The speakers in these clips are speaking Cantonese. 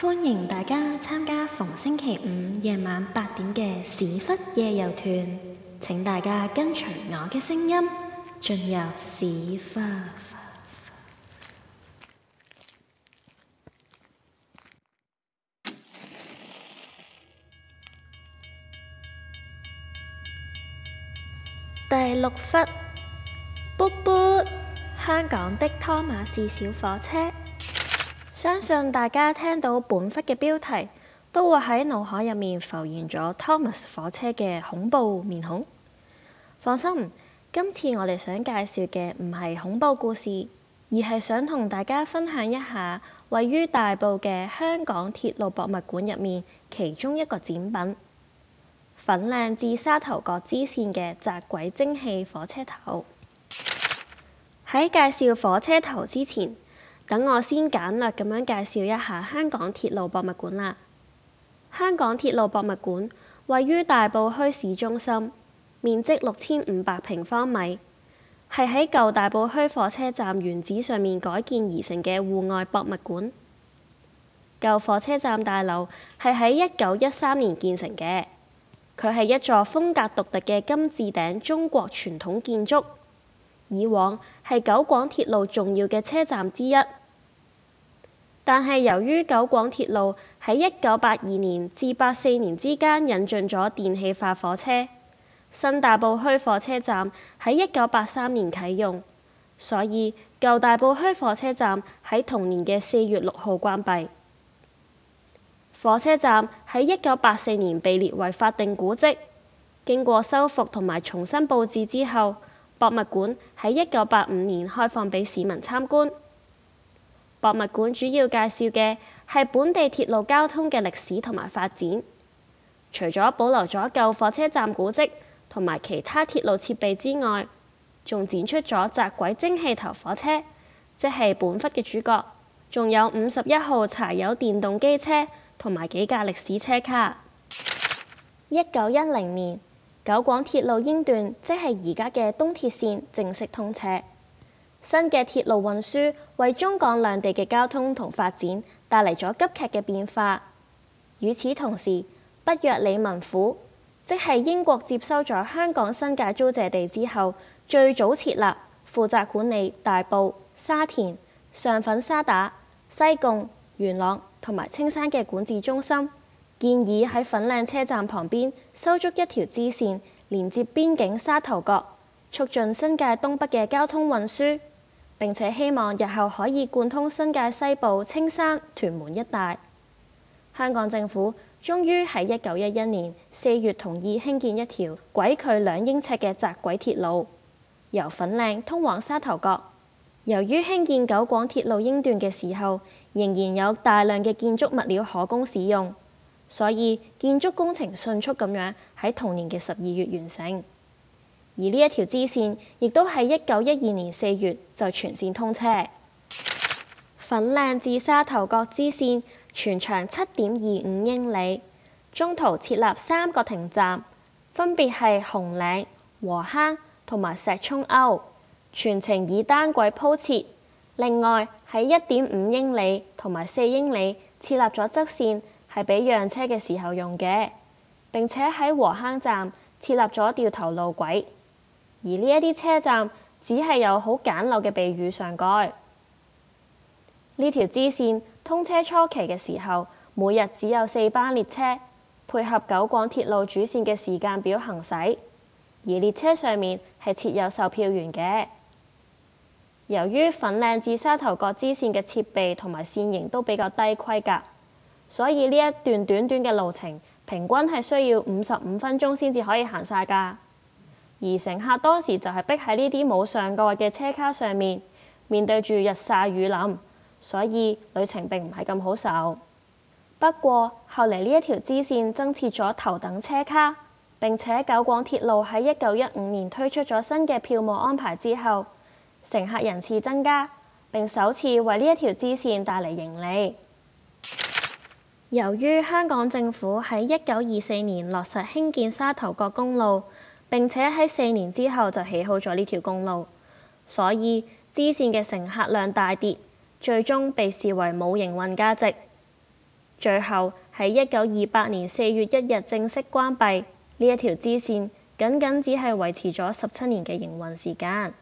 歡迎大家參加逢星期五夜晚八點嘅史窟夜遊團。請大家跟隨我嘅聲音進入史窟。第六窟，呠呠，香港的湯瑪士小火車。相信大家聽到本窟嘅標題，都會喺腦海入面浮現咗 Thomas 火車嘅恐怖面孔。放心，今次我哋想介紹嘅唔係恐怖故事，而係想同大家分享一下位於大埔嘅香港鐵路博物館入面其中一個展品——粉嶺至沙頭角支線嘅窄軌蒸汽火車頭。喺介紹火車頭之前，等我先簡略咁樣介紹一下香港鐵路博物館啦。香港鐵路博物館位於大埔墟市中心，面積六千五百平方米，係喺舊大埔墟火車站原址上面改建而成嘅戶外博物館。舊火車站大樓係喺一九一三年建成嘅，佢係一座風格獨特嘅金字頂中國傳統建築。以往係九廣鐵路重要嘅車站之一。但係由於九廣鐵路喺一九八二年至八四年之間引進咗電氣化火車，新大埔墟火車站喺一九八三年啟用，所以舊大埔墟火車站喺同年嘅四月六號關閉。火車站喺一九八四年被列為法定古蹟，經過修復同埋重新佈置之後，博物館喺一九八五年開放俾市民參觀。博物館主要介紹嘅係本地鐵路交通嘅歷史同埋發展。除咗保留咗舊火車站古蹟同埋其他鐵路設備之外，仲展出咗窄軌蒸汽頭火車，即係本窟嘅主角。仲有五十一號柴油電動機車同埋幾架歷史車卡。一九一零年，九廣鐵路英段即係而家嘅東鐵線正式通車。新嘅鐵路運輸為中港兩地嘅交通同發展帶嚟咗急劇嘅變化。與此同時，北約理民府，即係英國接收咗香港新界租借地之後，最早設立負責管理大埔、沙田、上粉沙打、西貢、元朗同埋青山嘅管治中心，建議喺粉嶺車站旁邊修築一條支線，連接邊境沙頭角，促進新界東北嘅交通運輸。並且希望日後可以貫通新界西部青山屯門一帶。香港政府終於喺一九一一年四月同意興建一條軌距兩英尺嘅窄軌鐵路，由粉嶺通往沙頭角。由於興建九廣鐵路英段嘅時候，仍然有大量嘅建築物料可供使用，所以建築工程迅速咁樣喺同年嘅十二月完成。而呢一條支線亦都喺一九一二年四月就全線通車。粉嶺至沙頭角支線全長七點二五英里，中途設立三個停站，分別係紅嶺、禾坑同埋石涌凹，全程以單軌鋪設。另外喺一點五英里同埋四英里設立咗側線，係俾讓車嘅時候用嘅。並且喺禾坑站設立咗掉頭路軌。而呢一啲車站只係有好簡陋嘅避雨上蓋。呢條支線通車初期嘅時候，每日只有四班列車配合九廣鐵路主線嘅時間表行駛，而列車上面係設有售票員嘅。由於粉嶺至沙頭角支線嘅設備同埋線型都比較低規格，所以呢一段短短嘅路程，平均係需要五十五分鐘先至可以行晒㗎。而乘客當時就係逼喺呢啲冇上蓋嘅車卡上面，面對住日曬雨淋，所以旅程並唔係咁好受。不過後嚟呢一條支線增設咗頭等車卡，並且九廣鐵路喺一九一五年推出咗新嘅票務安排之後，乘客人次增加，並首次為呢一條支線帶嚟盈利。由於香港政府喺一九二四年落實興建沙頭角公路，並且喺四年之後就起好咗呢條公路，所以支線嘅乘客量大跌，最終被視為冇營運價值。最後喺一九二八年四月一日正式關閉呢一條支線，僅僅，僅僅只係維持咗十七年嘅營運時間。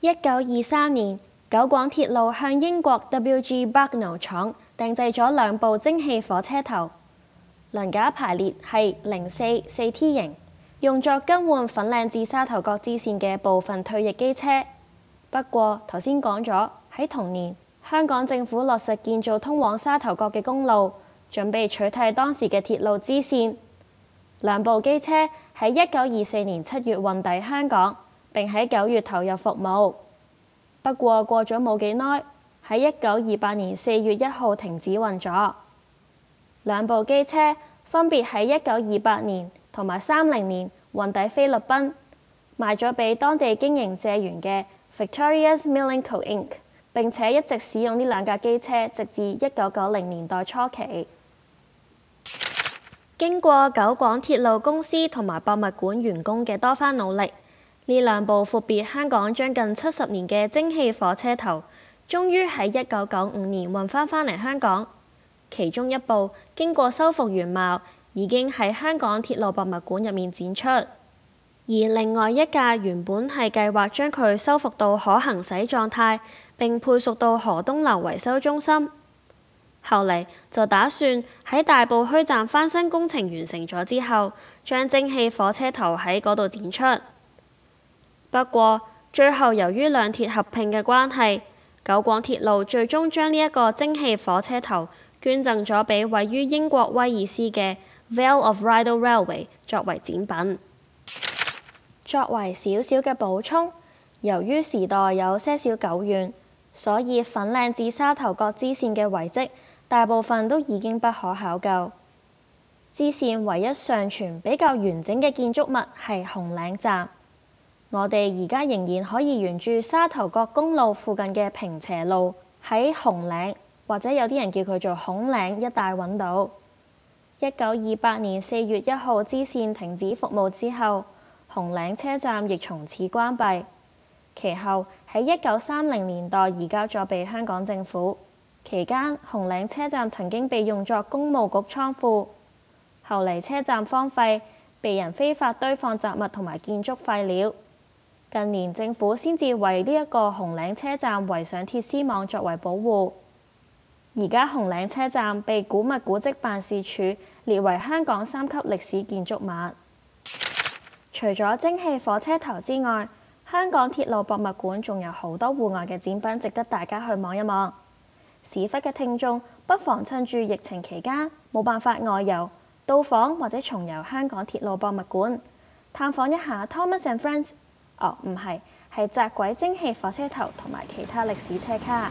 一九二三年，九廣鐵路向英國 W.G. Bagnall 廠廠訂製咗兩部蒸汽火車頭，輪架排列係零四四 T 型。用作更換粉嶺至沙頭角支線嘅部分退役機車。不過頭先講咗，喺同年，香港政府落實建造通往沙頭角嘅公路，準備取替當時嘅鐵路支線。兩部機車喺一九二四年七月運抵香港，並喺九月投入服務。不過過咗冇幾耐，喺一九二八年四月一號停止運作。兩部機車分別喺一九二八年。同埋三零年運抵菲律賓，賣咗俾當地經營蔗園嘅 Victorias Milling Co Inc，並且一直使用呢兩架機車，直至一九九零年代初期。經過九廣鐵路公司同埋博物館員工嘅多番努力，呢兩部闊別香港將近七十年嘅蒸汽火車頭，終於喺一九九五年運翻返嚟香港。其中一部經過修復原貌。已經喺香港鐵路博物館入面展出，而另外一架原本係計劃將佢修復到可行駛狀態，並配屬到何東樓維修中心。後嚟就打算喺大埔墟站翻新工程完成咗之後，將蒸汽火車頭喺嗰度展出。不過最後由於兩鐵合併嘅關係，九廣鐵路最終將呢一個蒸汽火車頭捐贈咗俾位於英國威爾斯嘅 Vale of Rheidol Railway 作為展品。作為小小嘅補充，由於時代有些少久遠，所以粉嶺至沙頭角支線嘅遺跡大部分都已經不可考究。支線唯一尚存比較完整嘅建築物係紅嶺站。我哋而家仍然可以沿住沙頭角公路附近嘅平斜路喺紅嶺，或者有啲人叫佢做孔嶺一帶揾到。一九二八年四月一號支線停止服務之後，紅嶺車站亦從此關閉。其後喺一九三零年代移交咗俾香港政府，期間紅嶺車站曾經被用作公務局倉庫。後嚟車站荒廢，被人非法堆放雜物同埋建築廢料。近年政府先至為呢一個紅嶺車站圍上鐵絲網作為保護。而家紅嶺車站被古物古蹟辦事處列為香港三級歷史建築物。除咗蒸汽火車頭之外，香港鐵路博物館仲有好多戶外嘅展品值得大家去望一望。史窟嘅聽眾不妨趁住疫情期間冇辦法外游，到訪或者重游香港鐵路博物館，探訪一下 Thomas and Friends。哦，唔係，係窄軌蒸汽火車頭同埋其他歷史車卡。